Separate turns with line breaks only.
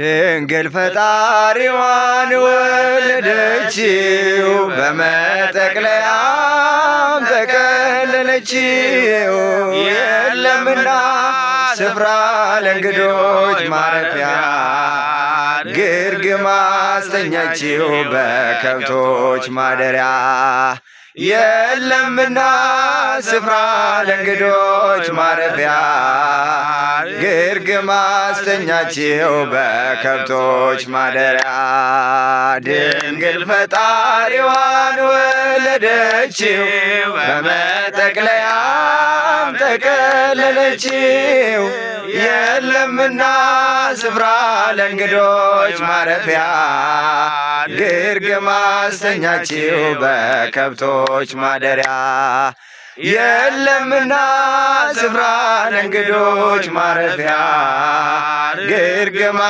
ድንግል ፈጣሪዋን ወለደችው፣ በመጠቅለያም ተቀለለችው። የለምና ስፍራ ለእንግዶች ማረፊያ ግርግ ማስተኛችው በከብቶች ማደሪያ የለምና ስፍራ ለእንግዶች ማረፊያ ማስተኛችው በከብቶች ማደሪያ ድንግል ፈጣሪዋን ወለደችው በመጠቅለያም ተቀለለችው የለምና ስፍራ ለእንግዶች ማረፊያ ግርግ ማስተኛችው በከብቶች ማደሪያ የለምና ስፍራ ለእንግዶች ማረፊያ ግርግማ